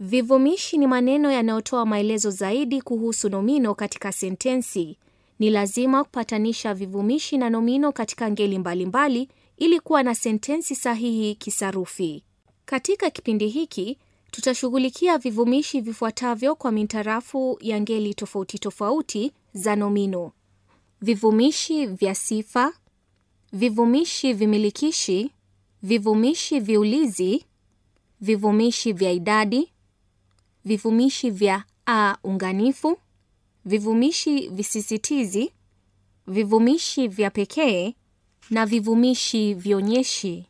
Vivumishi ni maneno yanayotoa maelezo zaidi kuhusu nomino katika sentensi. Ni lazima kupatanisha vivumishi na nomino katika ngeli mbalimbali ili kuwa na sentensi sahihi kisarufi. Katika kipindi hiki tutashughulikia vivumishi vifuatavyo kwa mintarafu ya ngeli tofauti tofauti za nomino: vivumishi vya sifa, vivumishi vimilikishi, vivumishi viulizi, vivumishi vya idadi vivumishi vya a unganifu, vivumishi visisitizi, vivumishi vya pekee na vivumishi vionyeshi.